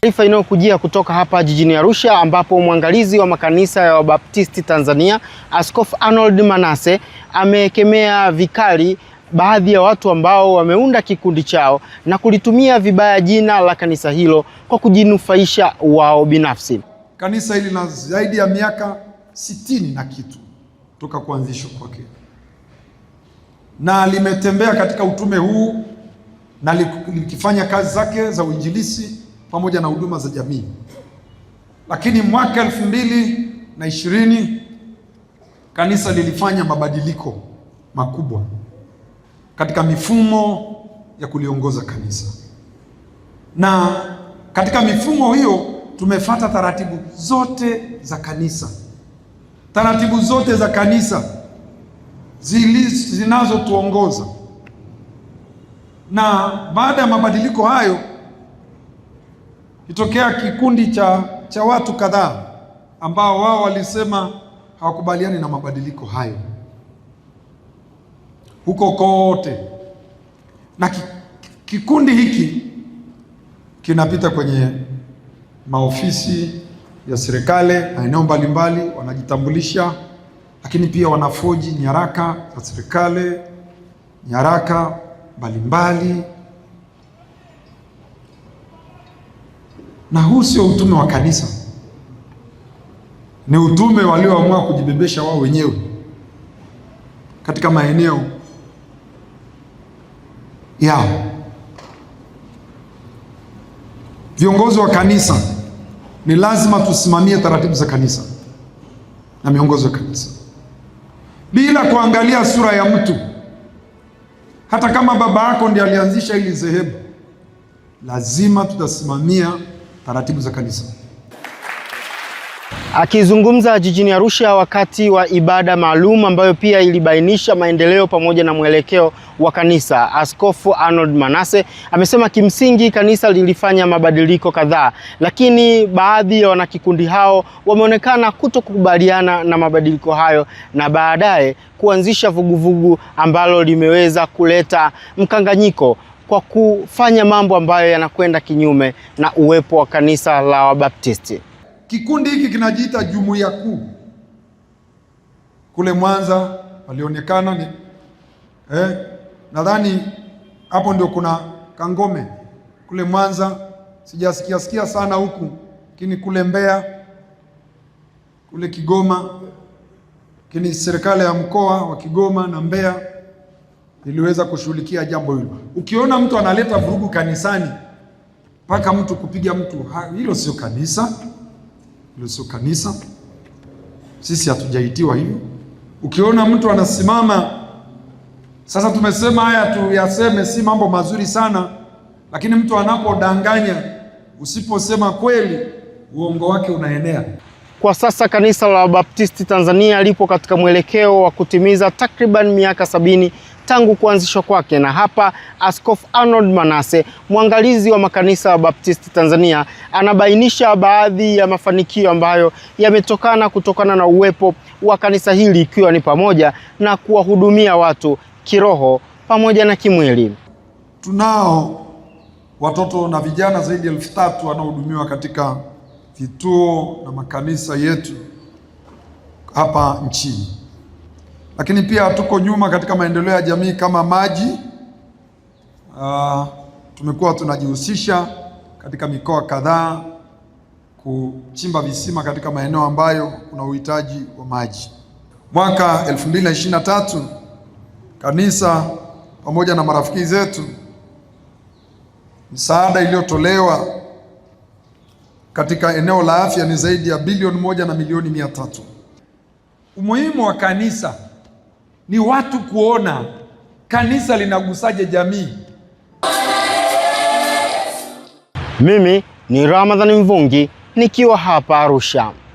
Taarifa inayokujia kutoka hapa jijini Arusha ambapo mwangalizi wa makanisa ya Wabaptisti Tanzania Askofu Arnold Manase amekemea vikali baadhi ya watu ambao wameunda kikundi chao na kulitumia vibaya jina la kanisa hilo kwa kujinufaisha wao binafsi. Kanisa hili lina zaidi ya miaka sitini na kitu toka kuanzishwa kwake na limetembea katika utume huu na likifanya kazi zake za uinjilisi pamoja na huduma za jamii. Lakini mwaka elfu mbili na ishirini kanisa lilifanya mabadiliko makubwa katika mifumo ya kuliongoza kanisa, na katika mifumo hiyo tumefata taratibu zote za kanisa, taratibu zote za kanisa zinazotuongoza. Na baada ya mabadiliko hayo kitokea kikundi cha, cha watu kadhaa ambao wao walisema hawakubaliani na mabadiliko hayo huko kote, na kikundi hiki kinapita kwenye maofisi ya serikali maeneo mbalimbali, wanajitambulisha lakini pia wanafoji nyaraka za serikali, nyaraka mbalimbali. Na huu sio utume wa kanisa, ni utume walioamua kujibebesha wao wenyewe katika maeneo yao. Viongozi wa kanisa ni lazima tusimamie taratibu za kanisa na miongozo ya kanisa bila kuangalia sura ya mtu. Hata kama baba yako ndiye alianzisha hili dhehebu, lazima tutasimamia taratibu za kanisa. Akizungumza jijini Arusha wakati wa ibada maalum ambayo pia ilibainisha maendeleo pamoja na mwelekeo wa kanisa, Askofu Arnold Manase amesema kimsingi kanisa lilifanya mabadiliko kadhaa, lakini baadhi ya wanakikundi hao wameonekana kutokubaliana na mabadiliko hayo na baadaye kuanzisha vuguvugu ambalo limeweza kuleta mkanganyiko kwa kufanya mambo ambayo yanakwenda kinyume na uwepo wa kanisa la Wabaptisti. Kikundi hiki kinajiita jumuiya kuu. Kule Mwanza walionekana ni eh, nadhani hapo ndio kuna Kangome kule Mwanza, sijasikia sikia sana huku, lakini kule Mbeya, kule Kigoma, lakini serikali ya mkoa wa Kigoma na Mbeya iliweza kushughulikia jambo hilo. Ukiona mtu analeta vurugu kanisani mpaka mtu kupiga mtu, hilo sio kanisa nusu kanisa. Sisi hatujaitiwa hivyo. Ukiona mtu anasimama sasa, tumesema haya tuyaseme, si mambo mazuri sana, lakini mtu anapodanganya, usiposema kweli, uongo wake unaenea. Kwa sasa kanisa la Baptisti Tanzania lipo katika mwelekeo wa kutimiza takriban miaka sabini tangu kuanzishwa kwake. Na hapa Askofu Arnold Manase, mwangalizi wa makanisa wa Baptisti Tanzania, anabainisha baadhi ya mafanikio ambayo yametokana kutokana na uwepo wa kanisa hili, ikiwa ni pamoja na kuwahudumia watu kiroho pamoja na kimwili. Tunao watoto na vijana zaidi ya elfu tatu wanaohudumiwa katika vituo na makanisa yetu hapa nchini. Lakini pia hatuko nyuma katika maendeleo ya jamii kama maji. Uh, tumekuwa tunajihusisha katika mikoa kadhaa kuchimba visima katika maeneo ambayo kuna uhitaji wa maji. Mwaka 2023 kanisa pamoja na marafiki zetu, msaada iliyotolewa katika eneo la afya ni zaidi ya bilioni moja na milioni mia tatu. Umuhimu wa kanisa ni watu kuona kanisa linagusaje jamii. Mimi ni Ramadhani Mvungi nikiwa hapa Arusha.